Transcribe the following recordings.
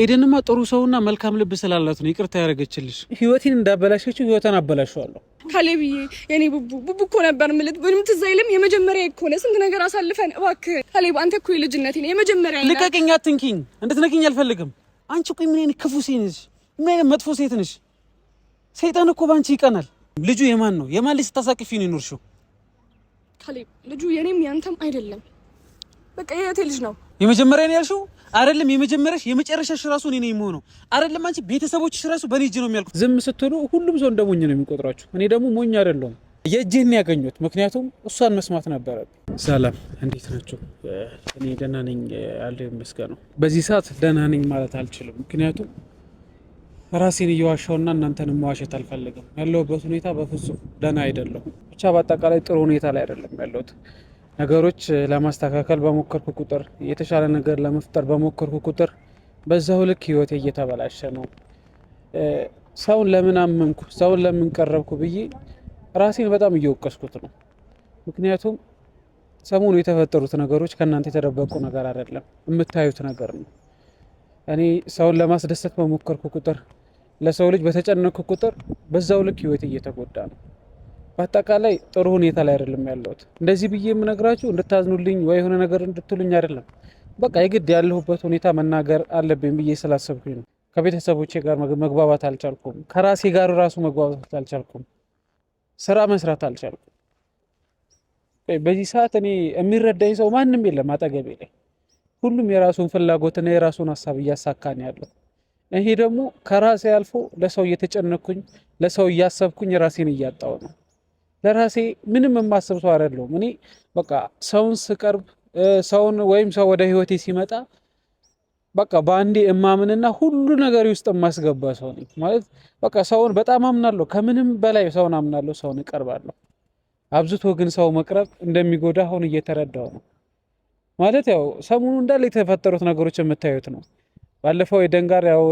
ኤደንማ ጥሩ ሰውና መልካም ልብ ስላላት ነው ይቅርታ ያደረገችልሽ። ህይወቴን እንዳበላሸችው ህይወቷን አበላሸዋለሁ። ካሌብዬ የኔ ቡቡ ቡቡ እኮ ነበር ምልት ወይም ትዝ አይልም። የመጀመሪያ እኮ ነው ስንት ነገር አሳልፈን። እባክህ ካሌብ፣ አንተ እኮ የልጅነቴ ነው የመጀመሪያ። ልቀቅኝ፣ አትንኪኝ፣ እንድትነኪኝ አልፈልግም። አንቺ ቆይ፣ ምን አይነት ክፉ ሴት ነሽ? ምን አይነት መጥፎ ሴት ነሽ? ሰይጣን እኮ በአንቺ ይቀናል። ልጁ የማን ነው? የማን ልጅ ስታሳቅፊ ነው የኖርሽው? ካሌብ፣ ልጁ የኔም ያንተም አይደለም። በቃ የእህቴ ልጅ ነው የመጀመሪያ ነው ያልሽው አይደለም? የመጀመሪያሽ የመጨረሻሽ ራሱ እኔ ነኝ የምሆነው አይደለም? አንቺ ቤተሰቦችሽ ራሱ በእኔ እጅ ነው የሚያልቁት። ዝም ስትሉ ሁሉም ሰው እንደ ሞኝ ነው የሚቆጥራችሁ። እኔ ደግሞ ሞኝ አይደለሁም። የእጅህን ያገኙት ምክንያቱም እሷን መስማት ነበረ። ሰላም እንዴት ናቸው? እኔ ደህና ነኝ አለው ይመስገን ነው። በዚህ ሰዓት ደህና ነኝ ማለት አልችልም፣ ምክንያቱም ራሴን እየዋሻውና እናንተን መዋሸት አልፈልግም። ያለሁበት ሁኔታ በፍጹም ደህና አይደለሁም። ብቻ በአጠቃላይ ጥሩ ሁኔታ ላይ አይደለም ያለሁት ነገሮች ለማስተካከል በሞከርኩ ቁጥር የተሻለ ነገር ለመፍጠር በሞከርኩ ቁጥር በዛው ልክ ህይወቴ እየተበላሸ ነው። ሰውን ለምን አመንኩ፣ ሰውን ለምን ቀረብኩ ብዬ ራሴን በጣም እየወቀስኩት ነው። ምክንያቱም ሰሞኑ የተፈጠሩት ነገሮች ከእናንተ የተደበቁ ነገር አይደለም፣ የምታዩት ነገር ነው። እኔ ሰውን ለማስደሰት በሞከርኩ ቁጥር፣ ለሰው ልጅ በተጨነቅኩ ቁጥር በዛው ልክ ህይወቴ እየተጎዳ ነው። በአጠቃላይ ጥሩ ሁኔታ ላይ አይደለም ያለሁት። እንደዚህ ብዬ የምነግራችሁ እንድታዝኑልኝ ወይ የሆነ ነገር እንድትሉኝ አይደለም። በቃ የግድ ያለሁበት ሁኔታ መናገር አለብኝ ብዬ ስላሰብኩኝ ነው። ከቤተሰቦቼ ጋር መግባባት አልቻልኩም። ከራሴ ጋር ራሱ መግባባት አልቻልኩም። ስራ መስራት አልቻልኩም። በዚህ ሰዓት እኔ የሚረዳኝ ሰው ማንም የለም አጠገቤ ላይ። ሁሉም የራሱን ፍላጎትና የራሱን ሀሳብ እያሳካን ያለው ይሄ ደግሞ ከራሴ አልፎ ለሰው እየተጨነኩኝ ለሰው እያሰብኩኝ ራሴን እያጣው ነው። ለራሴ ምንም የማስብ ሰው አይደለሁም። እኔ በቃ ሰውን ስቀርብ ሰውን ወይም ሰው ወደ ህይወቴ ሲመጣ በቃ በአንዴ እማምንና ሁሉ ነገር ውስጥ የማስገባ ሰው ነኝ። ማለት በቃ ሰውን በጣም አምናለሁ፣ ከምንም በላይ ሰውን አምናለሁ፣ ሰውን እቀርባለሁ። አብዝቶ ግን ሰው መቅረብ እንደሚጎዳ አሁን እየተረዳው ነው። ማለት ያው ሰሞኑ እንዳለ የተፈጠሩት ነገሮች የምታዩት ነው። ባለፈው የደንጋር ያው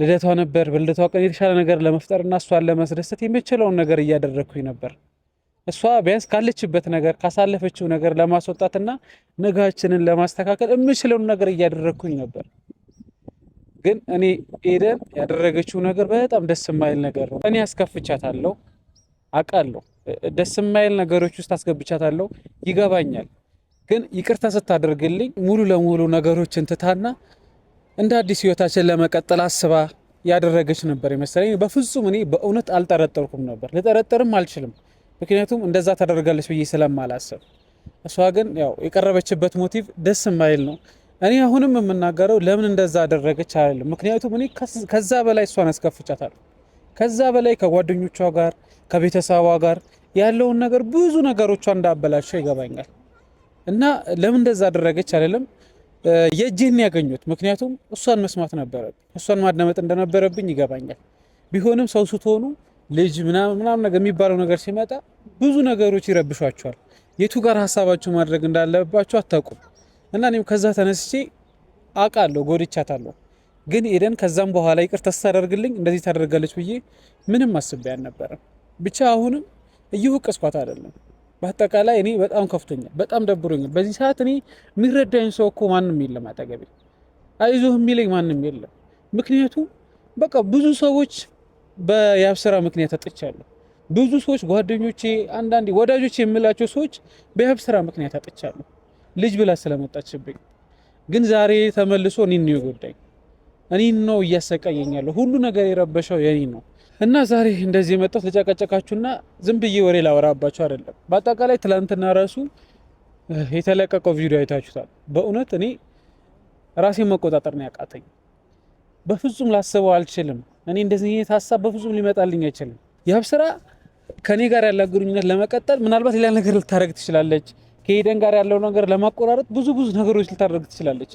ልደቷ ነበር። በልደቷ ቀን የተሻለ ነገር ለመፍጠር እሷን ለማስደሰት የምችለውን ነገር እያደረግኩኝ ነበር። እሷ ቢያንስ ካለችበት ነገር ካሳለፈችው ነገር ለማስወጣትና ነጋችንን ለማስተካከል የምችለውን ነገር እያደረግኩኝ ነበር። ግን እኔ ኤደን ያደረገችው ነገር በጣም ደስ የማይል ነገር ነው። እኔ አስከፍቻታለሁ፣ አውቃለሁ። ደስ የማይል ነገሮች ውስጥ አስገብቻታለሁ፣ ይገባኛል። ግን ይቅርታ ስታደርግልኝ ሙሉ ለሙሉ ነገሮችን ትታና እንደ አዲስ ህይወታችን ለመቀጠል አስባ ያደረገች ነበር የመሰለኝ። በፍጹም እኔ በእውነት አልጠረጠርኩም ነበር፣ ልጠረጠርም አልችልም። ምክንያቱም እንደዛ ታደርጋለች ብዬ ስለማላሰብ። እሷ ግን ያው የቀረበችበት ሞቲቭ ደስ የማይል ነው። እኔ አሁንም የምናገረው ለምን እንደዛ አደረገች አይደለም። ምክንያቱም እኔ ከዛ በላይ እሷን አስከፍቻታለሁ። ከዛ በላይ ከጓደኞቿ ጋር ከቤተሰቧ ጋር ያለውን ነገር ብዙ ነገሮቿ እንዳበላሸው ይገባኛል። እና ለምን እንደዛ አደረገች አይደለም የእጅህን ያገኙት። ምክንያቱም እሷን መስማት ነበረብኝ፣ እሷን ማዳመጥ እንደነበረብኝ ይገባኛል። ቢሆንም ሰው ስትሆኑ ልጅ ምናምን ነገር የሚባለው ነገር ሲመጣ ብዙ ነገሮች ይረብሿቸዋል። የቱ ጋር ሀሳባችሁ ማድረግ እንዳለባችሁ አታውቁም። እና እኔም ከዛ ተነስቼ አውቃለሁ ጎድቻታለሁ፣ ግን ኤደን ከዛም በኋላ ይቅርታ ስታደርግልኝ እንደዚህ ታደርጋለች ብዬ ምንም አስቤ አልነበረም። ብቻ አሁንም እየወቀስኳት አይደለም በአጠቃላይ እኔ በጣም ከፍቶኛል፣ በጣም ደብሮኛል። በዚህ ሰዓት እኔ የሚረዳኝ ሰው እኮ ማንም የለም አጠገቤ፣ አይዞህ የሚለኝ ማንም የለም። ምክንያቱም በቃ ብዙ ሰዎች በያብ ምክንያት አጥቻለሁ። ብዙ ሰዎች ጓደኞቼ፣ አንዳንዴ ወዳጆች የምላቸው ሰዎች በያብስራ ምክንያት አጥቻለሁ። ልጅ ብላ ስለመጣችብኝ ግን ዛሬ ተመልሶ እኔን ነው የጎዳኝ፣ እኔን ነው እያሰቃየኛለሁ። ሁሉ ነገር የረበሸው የኔ ነው። እና ዛሬ እንደዚህ የመጣሁት ልጨቀጨቃችሁና ዝም ብዬ ወሬ ላወራባችሁ አይደለም። በአጠቃላይ ትላንትና ራሱ የተለቀቀው ቪዲዮ አይታችሁታል። በእውነት እኔ ራሴን መቆጣጠር ነው ያቃተኝ። በፍጹም ላስበው አልችልም። እኔ እንደዚህ አይነት ሀሳብ በፍጹም ሊመጣልኝ አይችልም። ያብ ስራ ከእኔ ጋር ያለ ግንኙነት ለመቀጠል ምናልባት ሌላ ነገር ልታደረግ ትችላለች። ከሄደን ጋር ያለው ነገር ለማቆራረጥ ብዙ ብዙ ነገሮች ልታደረግ ትችላለች።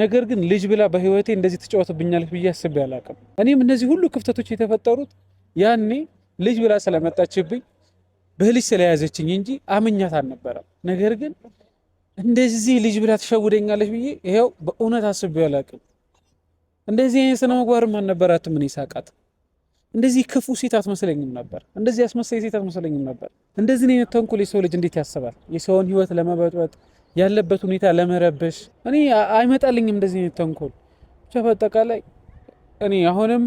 ነገር ግን ልጅ ብላ በህይወቴ እንደዚህ ትጫወትብኛለች ብዬ አስቤ አላቅም። እኔም እነዚህ ሁሉ ክፍተቶች የተፈጠሩት ያኔ ልጅ ብላ ስለመጣችብኝ በልጅ ስለያዘችኝ እንጂ አምኛት አልነበረም። ነገር ግን እንደዚህ ልጅ ብላ ትሸውደኛለች ብዬ ይኸው በእውነት አስቤ አላቅም። እንደዚህ አይነት ስነ ምግባርም አልነበራትም። እኔ ሳቃት እንደዚህ ክፉ ሴት አትመስለኝም ነበር። እንደዚህ አስመሳይ ሴት አትመስለኝም ነበር። እንደዚህ አይነት ተንኮል የሰው ልጅ እንዴት ያስባል? የሰውን ህይወት ለመበጥበጥ ያለበት ሁኔታ ለመረበሽ እኔ አይመጣልኝም እንደዚህ አይነት ተንኮል። ብቻ በአጠቃላይ እኔ አሁንም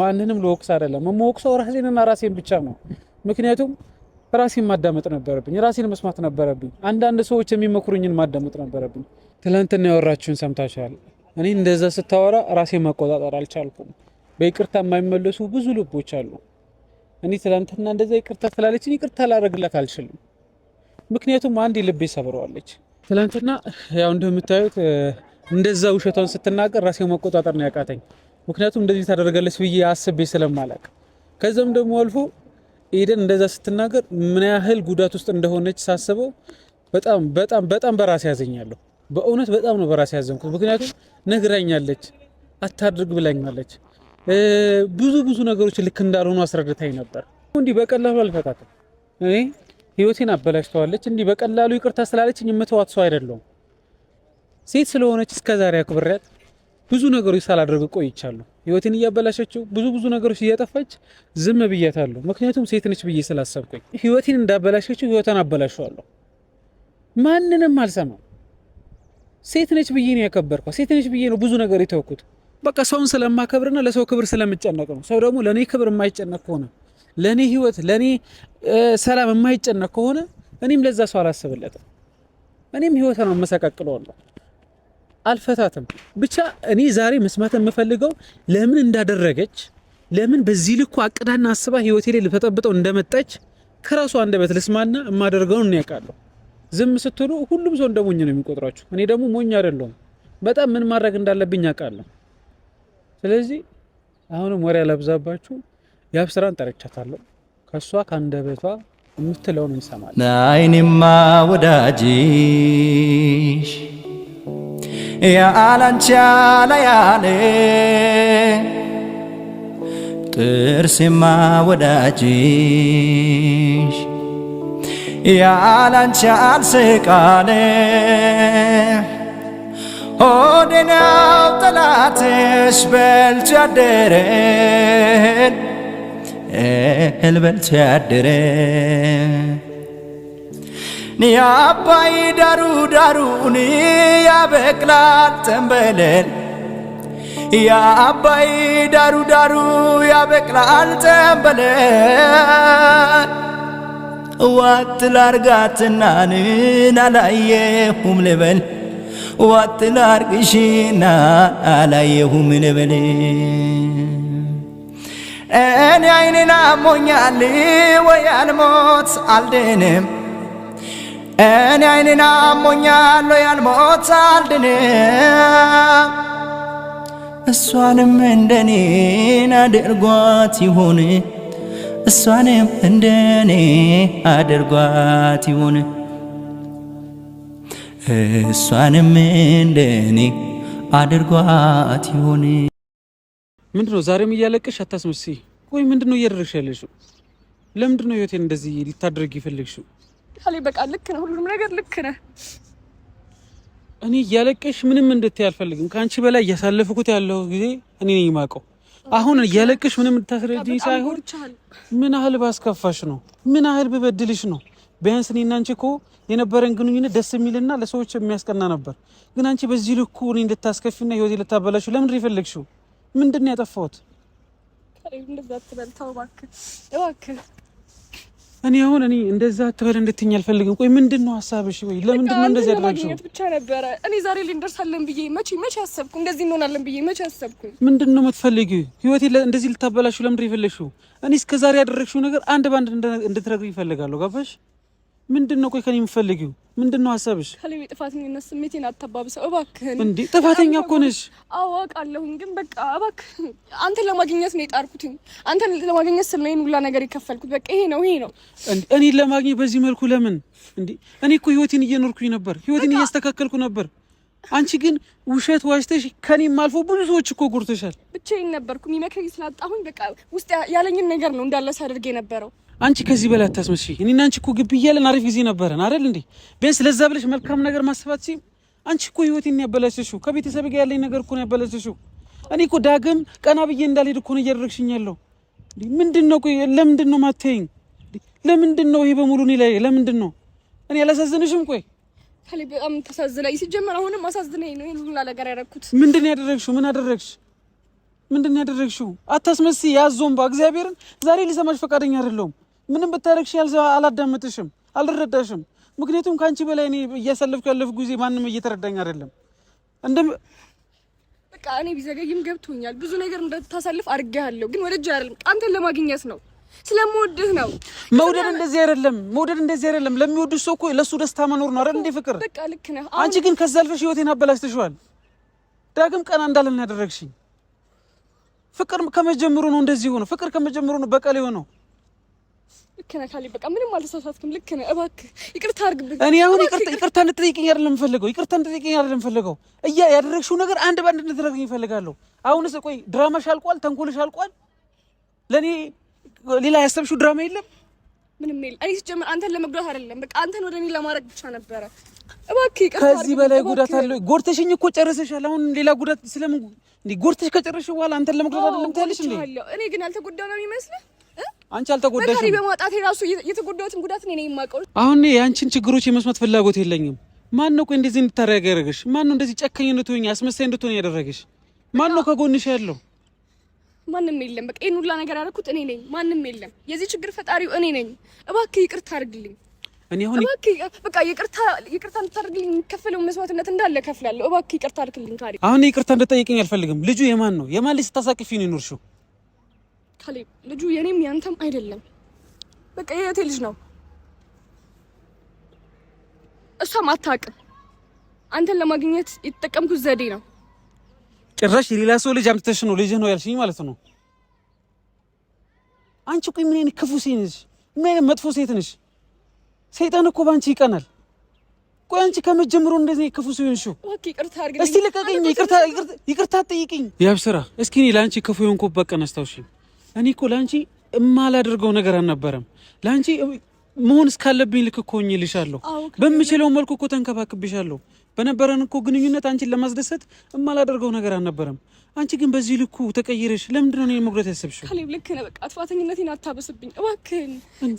ማንንም ልወቅስ አይደለም የምወቅሰው ራሴንና ራሴን ብቻ ነው። ምክንያቱም ራሴን ማዳመጥ ነበረብኝ፣ ራሴን መስማት ነበረብኝ፣ አንዳንድ ሰዎች የሚመክሩኝን ማዳመጥ ነበረብኝ። ትላንትና ያወራችሁን ሰምታችኋል። እኔ እንደዛ ስታወራ ራሴን መቆጣጠር አልቻልኩም። በይቅርታ የማይመለሱ ብዙ ልቦች አሉ። እኔ ትላንትና እንደዛ ይቅርታ ስላለችን ይቅርታ ላደርግላት አልችልም። ምክንያቱም አንድ ልቤ ሰብረዋለች። ትላንትና ያው እንደምታዩት እንደዛ ውሸቷን ስትናገር ራሴ መቆጣጠር ነው ያቃተኝ። ምክንያቱም እንደዚህ ታደርጋለች ብዬ አስቤ ስለማላቅ ከዚም ደግሞ አልፎ ኤደን እንደዛ ስትናገር ምን ያህል ጉዳት ውስጥ እንደሆነች ሳስበው በጣም በጣም በጣም በራሴ ያዘኛለሁ። በእውነት በጣም ነው በራሴ ያዘንኩት። ምክንያቱም ነግራኛለች፣ አታድርግ ብላኛለች። ብዙ ብዙ ነገሮች ልክ እንዳልሆኑ አስረድታኝ ነበር። እንዲህ በቀላሉ አልፈታትም። ህይወቴን አበላሽተዋለች። እንዲህ በቀላሉ ይቅርታ ስላለችኝ የምተዋት ሰው አይደለሁም። ሴት ስለሆነች እስከዛሬ አክብሬያት ብዙ ነገሮች ሳላደርግ ቆይቻለሁ። ህይወቴን እያበላሸችው ብዙ ብዙ ነገሮች እያጠፋች ዝም ብያታለሁ። ምክንያቱም ሴት ነች ብዬ ስላሰብኩኝ ህይወቴን እንዳበላሸችው ህይወቷን አበላሸዋለሁ። ማንንም አልሰማም። ሴት ነች ብዬ ነው ያከበርኳ። ሴት ነች ብዬ ነው ብዙ ነገር የተውኩት። በቃ ሰውን ስለማከብርና ለሰው ክብር ስለምጨነቅ ነው። ሰው ደግሞ ለእኔ ክብር የማይጨነቅ ከሆነ ለእኔ ህይወት ለእኔ ሰላም የማይጨነቅ ከሆነ እኔም ለዛ ሰው አላስብለትም። እኔም ህይወት ነው መሰቃቅለዋለሁ፣ አልፈታትም። ብቻ እኔ ዛሬ መስማት የምፈልገው ለምን እንዳደረገች ለምን በዚህ ልኩ አቅዳና አስባ ህይወቴ ላይ ልፈጠብጠው እንደመጣች ከራሱ አንደበት ልስማና የማደርገውን እኔ ዝም ስትሉ ሁሉም ሰው እንደ ሞኝ ነው የሚቆጥራችሁ። እኔ ደግሞ ሞኝ አይደለሁም። በጣም ምን ማድረግ እንዳለብኝ ያውቃለሁ። ስለዚህ አሁንም ወሬ አላብዛባችሁ። የአብስራን ጠርቻታለሁ። ከእሷ ከአንደበቷ የምትለውን እንሰማለን። አይኔማ ወዳጅሽ ያላንቺ አላያሌ ጥርሴማ ወዳጅሽ ያላንቺ አልስቃሌ ሆዴናው ጠላትሽ በልቶ እህል በልቶ ያደረ የአባይ ዳሩ ዳሩን ያበቅላል ተንበለል የአባይ ዳሩ ዳሩ ያበቅላል ተንበለል ዋት ላርጋትናንን አላየሁም ልበል ዋት ላርግሽና አላየሁም ልበል እኔ አይኔን አሞኛል ወይ አልሞት አልድንም እኔ አይኔን አሞኛል ወይ አልሞት አልድንም እሷንም እንደኔን አድርጓት ይሆን እሷንም እንደኔ አድርጓት ይሆን እሷንም እንደኔ አድርጓት ይሆን ምንድን ነው ዛሬም እያለቀሽ አታስመስ ወይ ምንድን ነው እያደረግሽ ያለሽው? ለምንድን ነው ህይወቴን እንደዚህ ልታደርጊ የፈለግሽው? ካሌ በቃ ልክ ነህ፣ ሁሉም ነገር ልክ ነህ። እኔ እያለቀሽ ምንም እንድትይ አልፈልግም። ከአንቺ በላይ እያሳለፍኩት ያለው ጊዜ እኔ ነኝ የማውቀው። አሁን እያለቅሽ ምንም እንድታስረጂኝ ሳይሆን ምን ያህል ባስከፋሽ ነው፣ ምን ያህል ብበድልሽ ነው። ቢያንስ እኔ እናንቺ እኮ የነበረን ግንኙነት ደስ የሚልና ለሰዎች የሚያስቀና ነበር። ግን አንቺ በዚህ ልኩ እኔ እንድታስከፊና ህይወት ልታበላሽ ለምንድን ነው የፈለግሽው? ምንድን ነው ያጠፋሁት? እኔ አሁን እኔ እንደዛ አትበል እንድትይኝ አልፈልግም። ቆይ ምንድን ነው ሀሳብሽ? ወይ ለምንድን ነው እንደዚህ ያደረግሽው? ብቻ ነበረ እኔ ዛሬ ላይ እንደርሳለን ብዬ መቼ መቼ አሰብኩ? እንደዚህ እንሆናለን ብዬ መቼ አሰብኩ? ምንድን ነው የምትፈልጊው? ህይወቴ እንደዚህ ልታበላሽው ለምንድን ነው የፈለግሽው? እኔ እስከዛሬ ያደረግሽው ነገር አንድ በአንድ እንድትነግሪኝ ይፈልጋለሁ። ገባሽ? ምንድን ነው ቆይ ከኔ የምፈልጊው ምንድን ነው ሀሳብሽ? ከሌሜ ጥፋተኝነት ስሜቴን አታባብሰው እባክህን። እንዴ ጥፋተኛ እኮ ነሽ አዋቃለሁኝ፣ ግን በቃ እባክህ አንተን ለማግኘት ነው የጣርኩትኝ። አንተን ለማግኘት ስለ ሁላ ነገር የከፈልኩት በቃ ይሄ ነው ይሄ ነው። እኔ ለማግኘት በዚህ መልኩ ለምን? እንዴ እኔ እኮ ህይወቴን እየኖርኩኝ ነበር፣ ህይወቴን እያስተካከልኩ ነበር። አንቺ ግን ውሸት ዋሽተሽ ከኔም አልፎ ብዙ ሰዎች እኮ ጉርተሻል ብቻዬን ነበርኩ፣ የሚመክረኝ ስላጣሁኝ በቃ ውስጥ ያለኝን ነገር ነው እንዳለ ሳደርግ የነበረው አንቺ ከዚህ በላይ አታስመስሺ። እኔና አንቺ እኮ ግቢ እያለን አሪፍ ጊዜ ነበረን አይደል እንዴ? ቢያንስ ለዛ ብለሽ መልካም ነገር ማስባት ሲ አንቺ እኮ ህይወቴን ያበላሸሽው፣ ከቤተሰብ ጋር ያለኝ ነገር እኮ ነው ያበላሸሽው። እኔ እኮ ዳግም ቀና ብዬ እንዳልሄድ እኮ ነው እያደረግሽኝ ያለው። ምንድን ነው ቆይ፣ ለምንድን ነው ማታየኝ? ለምንድን ነው ይሄ በሙሉ እኔ ላይ? ለምንድን ነው እኔ አላሳዝንሽም? ቆይ ካሌብ በጣም ተሳዝናኝ። ሲጀመር አሁንም አሳዝናኝ ነው ይህን ሁላ ነገር ያደረግኩት። ምንድን ነው ያደረግሽው? ምን አደረግሽ? ምንድን ነው ያደረግሽው? አታስመስይ። ያዞምባ እግዚአብሔርን ዛሬ ሊሰማሽ ፈቃደኛ አይደለሁም። ምንም ብታረግሽ አላዳምጥሽም፣ አልረዳሽም። ምክንያቱም ከአንቺ በላይ እኔ እያሳለፍኩ ያለፍኩ ጊዜ ማንም እየተረዳኝ አይደለም። እንደም በቃ እኔ ቢዘገይም ገብቶኛል። ብዙ ነገር እንደታሳልፍ አድርጌሃለሁ፣ ግን ወደ እጅ አይደለም። አንተን ለማግኘት ነው፣ ስለምወድህ ነው። መውደድ እንደዚህ አይደለም። መውደድ እንደዚህ አይደለም። ለሚወድሽ ሰው እኮ ለእሱ ደስታ መኖር ነው አይደል? እንዴ ፍቅር። በቃ ልክ ነህ። አንቺ ግን ከዛ አልፈሽ ህይወቴን አበላሽተሽዋል። ዳግም ቀና እንዳለን ያደረግሽኝ ፍቅር ከመጀመሩ ነው። እንደዚህ ሆኖ ፍቅር ከመጀመሩ ነው በቀል የሆነው ልክ ነህ ካሌብ፣ በቃ ምንም አልተሳሳትክም። ልክ ነህ። እባክህ ይቅርታ አድርግልኝ። እኔ አሁን ይቅርታ ይቅርታ እንድትጠይቀኝ አይደለም የምፈልገው፣ ይቅርታ እንድትጠይቀኝ አይደለም የምፈልገው። እያ ያደረግሽው ነገር አንድ በአንድ እንድትነግሪኝ እፈልጋለሁ። አሁንስ ቆይ ድራማሽ አልቋል፣ ተንኮልሽ አልቋል። ለእኔ ሌላ ያሰብሽው ድራማ የለም ምንም የለም። እኔ ሲጀምር አንተን ለመጉዳት አይደለም፣ በቃ አንተን ወደ እኔ ለማድረግ ብቻ ነበረ። እባክህ ይቅርታ። ከዚህ በላይ ጉዳት አለ። ጎርተሽኝ እኮ ጨርሰሻል። አሁን ሌላ ጉዳት ስለምን? እንዴ ጎድተሽ ከጨረስሽ በኋላ አንተን ለመጉዳት አይደለም ትያለሽ እንዴ? እኔ ግን አልተጎዳው ነው የሚመስልህ አንቺ አልተጎዳሽ። በማውጣት ራሱ የተጎዳሁትን ጉዳት እኔ ነኝ የማውቀው። አሁን የአንቺን ችግሮች የመስማት ፍላጎት የለኝም። ማን ነው ቆይ እንደዚህ እንድታረጊ ያደረገሽ? ማን ነው እንደዚህ ጨካኝ እንድትሆኝ አስመሳይ እንድትሆኝ ያደረገሽ? ማን ነው ከጎንሽ ያለው? ማንም የለም። በቃ ይሄን ሁላ ነገር ያደረኩት እኔ ነኝ። ማንም የለም። የዚህ ችግር ፈጣሪው እኔ ነኝ። እባክህ ይቅርታ አድርግልኝ። እኔ አሁን እባክህ በቃ ይቅርታ ይቅርታ እንድታደርግልኝ የሚከፈለውን መስዋዕትነት እንዳለ ከፍላለሁ። እባክህ ይቅርታ አድርግልኝ። ታሪክ አሁን ይቅርታ እንድጠይቅኝ አልፈልግም። ልጁ የማን ነው? የማን ልጅ ስታሳቅፊ ነው የኖርሽው? ካሌብ ልጁ የኔም ያንተም አይደለም። በቃ የእህቴ ልጅ ነው። እሷም አታውቅም። አንተን ለማግኘት የተጠቀምኩት ዘዴ ነው። ጭራሽ የሌላ ሰው ልጅ አምጥተሽ ነው ልጅህ ነው ያልሽኝ ማለት ነው። አንቺ ቆይ ምን አይነት ክፉ ሴት ነሽ? ምን አይነት መጥፎ ሴት ነሽ? ሰይጣን እኮ ባንቺ ይቀናል። ቆይ አንቺ ከመጀመሩ እንደዚህ ክፉ ሲሆን ሹ እስቲ ልቀቀኝ፣ ይቅርታ ጠይቅኝ። ያብስራ እስኪ እኔ ለአንቺ ክፉ የሆንኩበት ቀን አስታውሽኝ። እኔ እኮ ለአንቺ እማላደርገው ነገር አልነበረም። ለአንቺ መሆን እስካለብኝ ልክ እኮ ሆኜልሻለሁ። በምችለው መልኩ እኮ ተንከባክብሻለሁ። በነበረን እኮ ግንኙነት አንቺን ለማስደሰት እማላደርገው ነገር አልነበረም። አንቺ ግን በዚህ ልኩ ተቀይረሽ ለምንድን ነው እኔን መጉዳት ያሰብሽው? ካሌብ ልክ ነህ። በቃ ጥፋተኝነቴን አታበስብኝ እባክህን።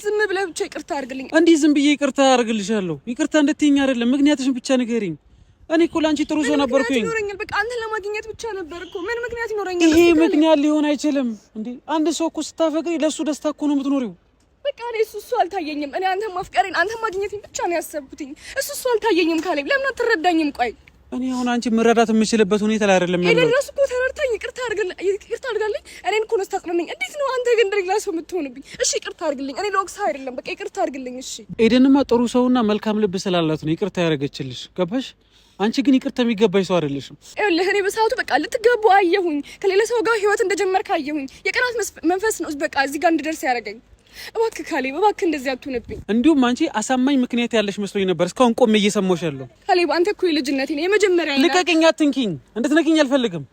ዝም ብለህ ብቻ ይቅርታ አድርግልኝ። እንዲህ ዝም ብዬ ይቅርታ አድርግልሻለሁ? ይቅርታ እንድትይኝ አይደለም፣ ምክንያትሽን ብቻ ንገሪኝ። እኔ እኮ ለአንቺ ጥሩ ሰው ነበርኩኝ። በቃ አንተን ለማግኘት ብቻ ነበር እኮ። ምን ምክንያት ይኖረኛል? ይሄ ምክንያት ሊሆን አይችልም እንዴ! አንድ ሰው እኮ ስታፈቅሪ ለእሱ ደስታ እኮ ነው የምትኖሪው። በቃ እኔ እሱ እሱ አልታየኝም። እኔ አንተን ማፍቀሬን አንተን ማግኘቴን ብቻ ነው ያሰብኩትኝ። እሱ እሱ አልታየኝም። ካሌብ ለምን አትረዳኝም? ቆይ እኔ አሁን አንቺ መረዳት የምችልበት ሁኔታ ላይ አይደለም ያለው። እኔ ራሱ እኮ ተረድታኝ ይቅርታ አድርጋልኝ። እኔን እኮ ነው ስታጽናናኝ። እንዴት ነው አንተ ግን እንደሌላ ሰው የምትሆንብኝ? እሺ ይቅርታ አድርግልኝ። እኔ ለወቅሰህ አይደለም፣ በቃ ይቅርታ አድርግልኝ። እሺ ኤደንማ ጥሩ ሰውና መልካም ልብ ስላላት ነው ይቅርታ ያደረገችልሽ። ገባሽ? አንቺ ግን ይቅርታ የሚገባኝ ሰው አይደለሽም። ይኸውልህ እኔ በሰዓቱ በቃ ልትገቡ አየሁኝ፣ ከሌላ ሰው ጋር ህይወት እንደጀመርክ አየሁኝ። የቅናት መንፈስ ነው በቃ እዚህ ጋር እንድደርስ ያደረገኝ። እባክህ ካሌብ እባክህ እንደዚህ አትሆንብኝ። እንዲሁም አንቺ አሳማኝ ምክንያት ያለሽ መስሎኝ ነበር እስካሁን ቆሜ እየሰማሁሽ ያለው። ካሌብ አንተ እኮ የልጅነቴ ነው የመጀመሪያ። ልቀቅኝ፣ አትንኪኝ፣ እንድትነኪኝ አልፈልግም።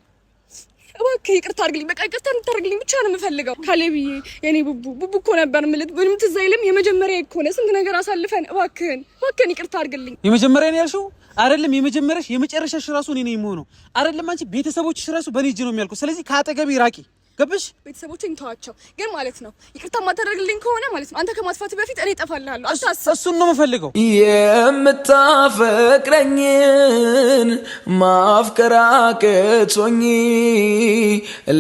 እባክህ ይቅርታ አድርግልኝ፣ በቃ ይቅርታ እንድታደርግልኝ ብቻ ነው የምፈልገው። ካሌብዬ የኔ ቡቡ ቡቡ እኮ ነበር የምልህ ወይም ትዝ አይልም? የመጀመሪያ እኮ ነው ስንት ነገር አሳልፈን። እባክህን እባክህን ይቅርታ አድርግልኝ። የመጀመሪያ ነው ያልሽው አይደለም የመጀመሪያሽ የመጨረሻሽ ራሱ እኔ ነው የምሆነው። አይደለም አንቺ ቤተሰቦችሽ ራሱ በኔ እጅ ነው የሚያልቁ። ስለዚህ ከአጠገቤ ራቂ። ገባሽ? ቤተሰቦች እንተዋቸው ግን ማለት ነው። ይቅርታ ማታደርግልኝ ከሆነ ማለት ነው አንተ ከማጥፋት በፊት እኔ እጠፋልሃለሁ። አታስብ። እሱን ነው የምፈልገው። የምታፈቅረኝን ማፍቀር አቅቶኝ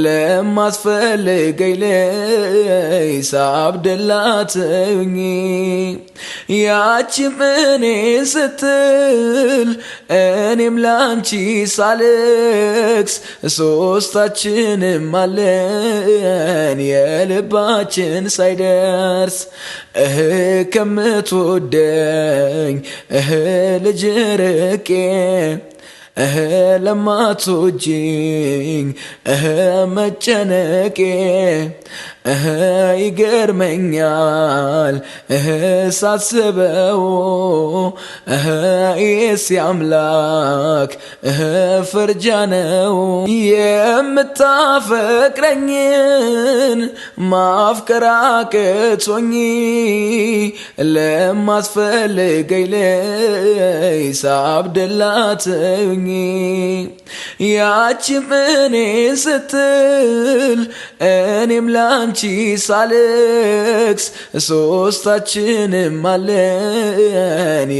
ለማስፈልገኝ ላይ ሳብደላትኝ ያቺ ምኔ ስትል እኔም ላንቺ ሳልክስ ሶስታችንም አለ ሊያደርገን የልባችን ሳይደርስ እህ ከምትወደኝ እህ ልጅ ርቄ እህ ለማትወጂኝ እህ መጨነቄ እህ ይገርመኛል እህ ሳስበው እህ ኢየሱስ አምላክ እህ ፍርጃ ነው የምታፈቅረኝን ማፍቀር አቅቶኝ ለማስፈልገኝ ሳብደላትኝ ያቺ ምኔ ስትል እኔም ላንተ ላንቺ ሳልክስ ሶስታችንም አለን